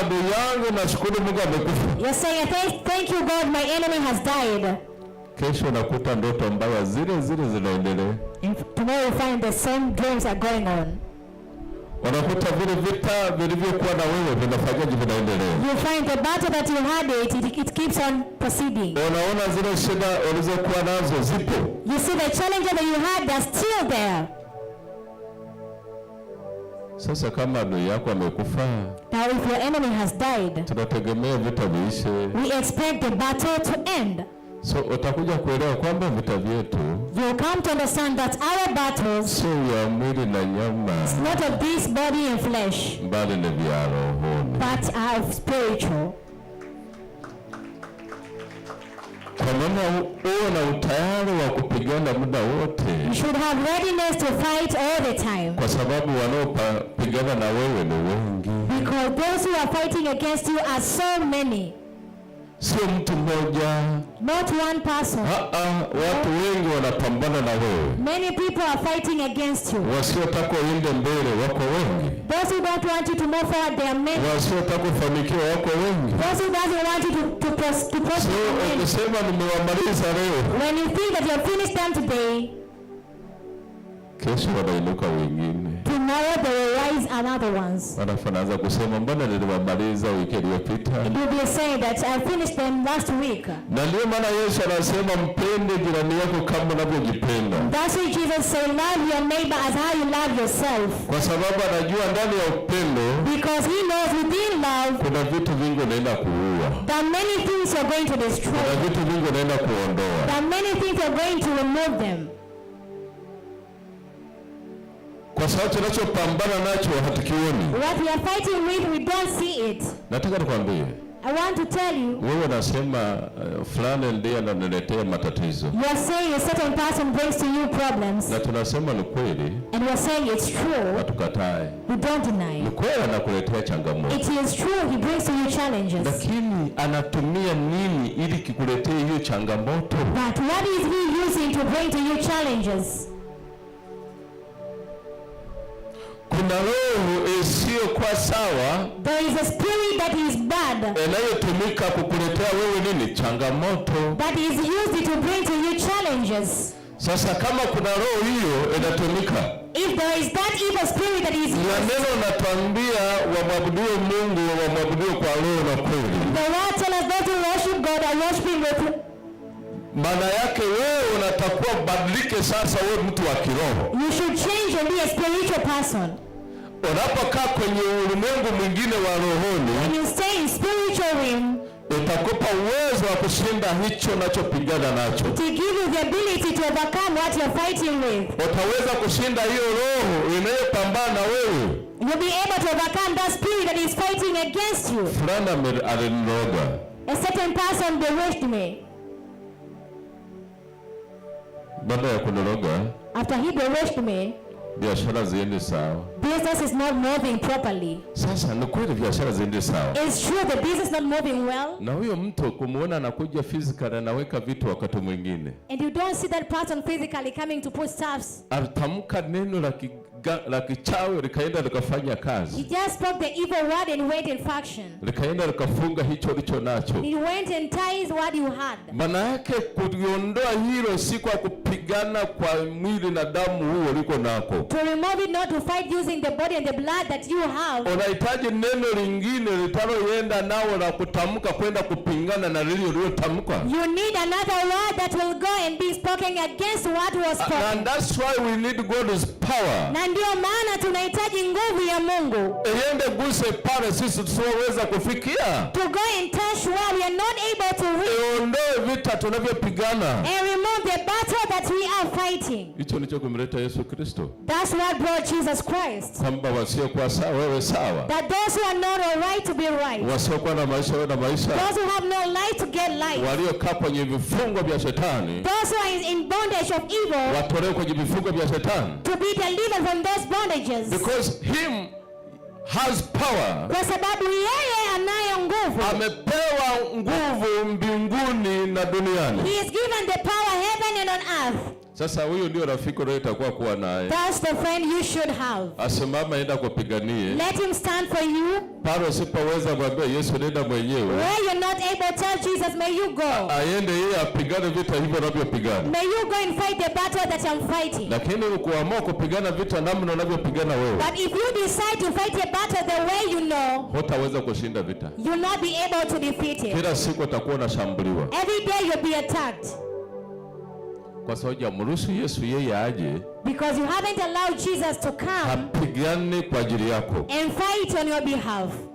Adui yangu nashukuru Mungu amekufa. You're saying thank, thank you God my enemy has died. Kesho ndoto mbaya zile zile zinaendelea. Tomorrow you find the same dreams are going on. Unakuta vile vita vilivyokuwa na wewe vinafanyaje vinaendelea. You find the battle that you had it, it, it keeps on proceeding. Unaona zile shida ulizokuwa nazo zipo. You see the challenges that you had are still there. Sasa kama adui yako amekufa, now if your enemy has died, tunategemea vita viishe. We expect the battle to end. So utakuja kuelewa kwamba vita vyetu, you come to understand that our battles, sio ya mwili na nyama, it's not of this body and flesh, bali ni vya roho, but are of spiritual. Kwa maana uwe na utayari wa ku kuenda muda wote. You should have readiness to fight all the time. Kwa sababu wanaopigana na wewe ni wengi. Because those who are fighting against you are so many. Sio mtu mmoja. Not one person. Ah ah, watu wengi wanapambana na wewe. Many people are fighting against you. Wasiotaka uende mbele wako wengi. Those who don't want you to move forward, they are many. Wasiotaka kufanikiwa wako wengi. Those who doesn't want you to to to prosper. So ukisema nimewamaliza leo. When you think that you have finished them today. Kesho wanainuka wengine tomorrow they will rise another ones. anaanza kusema mbona niliwamaliza wiki iliyopita? And you'll be that I finished them last week. Na ndio maana Yesu anasema mpende jirani yako kama unavyojipenda. That's why Jesus said love your neighbor as how you love yourself. Kwa sababu anajua ndani ya upendo because he knows within love kuna vitu vingi unaenda kuua. There many things are going to destroy. Kuna vitu vingi unaenda kuondoa. There many things are going to remove them kwa sababu tunachopambana nacho hatukioni. What we are fighting with we don't see it. Nataka nikwambie I want to tell you. Wewe unasema uh, fulani ndiye ananiletea matatizo. You are saying a certain person brings to you problems. Na tunasema ni kweli. And we are saying it's true. Hatukatae. We don't deny. Ni kweli anakuletea changamoto. It is true he brings to you challenges. Lakini anatumia nini ili kikuletee hiyo changamoto? But what is he using to bring to you challenges? kuna roho isiyo kwa sawa there is a spirit that is bad inayotumika kukuletea wewe nini changamoto that is used to bring to you challenges sasa kama kuna roho hiyo inatumika if there is that evil spirit that is na neno natambia wamwabudio mungu wamwabudio kwa roho na kweli the word tell us that who worship god and worship him with maana yake wewe unatakiwa badilike sasa, wewe mtu wa kiroho. You should change and be a spiritual person. Unapokaa kwenye ulimwengu mwingine wa rohoni, when you stay in spiritual realm, itakupa uwezo wa kushinda hicho unachopigana nacho. To give you the ability to overcome what you're fighting with. Utaweza kushinda hiyo roho inayopambana na wewe. You'll be able to overcome that spirit that is fighting against you. Fulana aliniroga. A certain person bewitched me. Baada ya kunoroga, after he deluged me, biashara ziendi sawa. Business is not moving properly. Sasa ni kweli biashara ziendi sawa. It's true the business not moving well. Na huyo mtu kumuona anakuja physically anaweka vitu wakati mwingine. And you don't see that person physically coming to put stuffs. Atamka neno la like la kichawi likaenda likafanya kazi. He just spoke the evil word and went in faction. Likaenda likafunga hicho licho nacho. It went and ties what you had. Maana yake kuliondoa hilo si kwa kupigana kwa mwili na damu huo uliko nako. To remove it not to fight using the body and the blood that you have. Unahitaji neno lingine litaloenda nao la kutamka kwenda kupingana na lile uliotamka. You need another word that will go and be spoken against what was ah, spoken. And that's why we need God's power. Na ndio maana tunahitaji nguvu ya Mungu iende guse pale sisi tusioweza kufikia, to go and touch where we are not able to reach. Iondoe vita tunavyopigana the battle that we are fighting. Hicho ndicho kumleta Yesu Kristo. That's what brought Jesus Christ. Kwamba wasiokuwa sawa sawa. That those who are not alright to be right. Wasiokuwa na maisha na maisha. Those who have no light to get light. Waliokaa kwenye vifungo vya shetani. Those who are in bondage of evil. Watolewe kwenye vifungo vya shetani. To be delivered from those bondages. Because him has power. Kwa sababu yeye anayo nguvu. Amepewa nguvu mbinguni na duniani. He is given the power heaven and on earth. Sasa huyo ndio rafiki unayotakuwa kuwa naye. That's the friend you should have. Asimama enda kupiganie. Let him stand for you. Pale usipoweza mwambie Yesu nenda mwenyewe. Where you're not able tell Jesus may you go. Aende yeye apigane vita hivyo unavyopigana. May you go and fight the battle that I'm fighting. Lakini ukiamua kupigana vita namna unavyopigana wewe. But if you decide to fight the battle the way you know. Hutaweza kushinda vita. You'll not be able to defeat it. Kila siku utakuwa unashambuliwa. Every day you'll be attacked kwa sababu hamruhusu Yesu yeye aje. Because you haven't allowed Jesus to come. Apigane kwa ajili yako. And fight on your behalf.